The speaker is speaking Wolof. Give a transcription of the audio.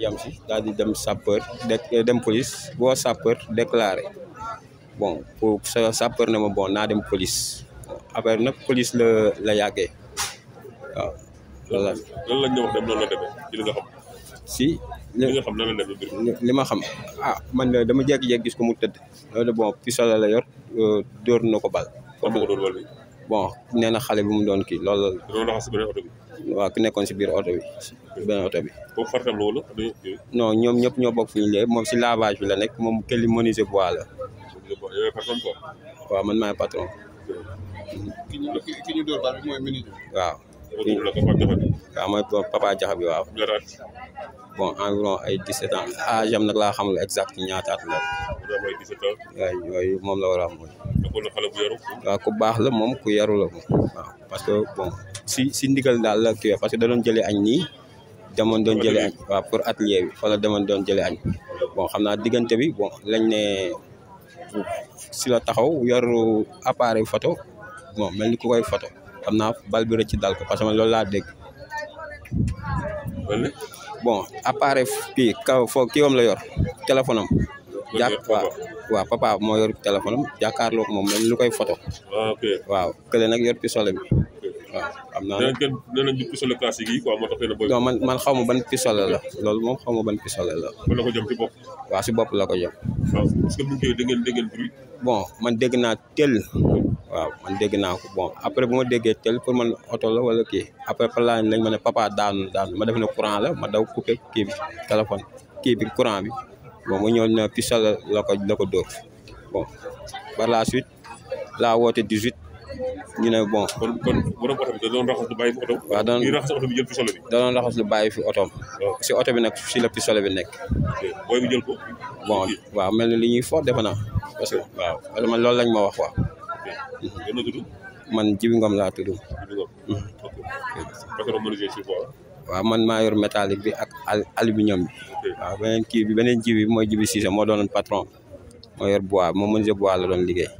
yam si daal di dem sapeur dem police boo sapeur déclaré bon pour sa sapeur ne ma bon naa dem police après nag police la la yàggee waaw. lan la la demee ci xam. si li nga ma xam ah man dama jékki-jékki gis ko mu tëdd. loolu bon pistolet la yor euh, dóor na ko bal. bon nee na xale bi mu doon kii loolu la. loolu waaw ku nekkoon si biir oto bi beneen oto bi. boobu fartam loolu. non ñoom ñëpp ñoo bokk fu ñu lee moom si lavage bi la nekk moom këli menuisier bois la. waaw man maay patron. waaw. waaw mooy papa jaxa bi waaw bon environ ay 17 ans âge am nag laa xamul exact ñaata at la waay yooyu moom la war a am waaw ku baax la moom ku yaru la parce que bon si si ndika daal la kii parce que da doon jëlee añ nii demoon doon jëlee añ waaw pour atelier bi fa la demoon doon jëlee añ xam naa diggante bi bon lañ ne si la taxaw yor appareil foto bon mel ni ku koy photo xam naa bal bi rëcc dal ko parce que man loolu laa dégg. bon appareil kii la yor téléphone am. jàpp waaw moo yor téléphone jàkkaarloo moom lañ lu koy photo. Ah, waaw kële nag yor pistolet am na booy. non man man xaw ma ban pistolet la loolu moom xaw ma ban pistolet la. mën na ko jëm ci bopp. waaw si bopp la ko man dégg naa waaw man dégg naa ko bon après bu ma déggee tel pour man oto la wala kii après par la lañ ma ne papa daanu daanu ma def ne courant la ma daw coupé kii bi téléphone kii bi courant bi bon mu ñëw na pistolet la ko la ko dóor bon par la suite laa woote 18 ñu ne bon. kon kon borom oto bi da doon raxas lu bàyyi fi oto. waaw da doon kii raxas oto bi jël pistolet bi. da doon raxas lu bàyyi fi otoom. Oh. si oto bi nag si la pistolet bi nekk. booy bi jël ko. bon waaw mel na li ñuy fort defe naa parce que waaw man loolu lañ ma wax waaw. man Jibi Ngom laa tudd. Jibi mm. man maa yor métallique bi ak bi. waaw beneen kii bi beneen jibi bi mooy Jibi moo doon patron moo yor bois moom menuisier bois la doon liggéey.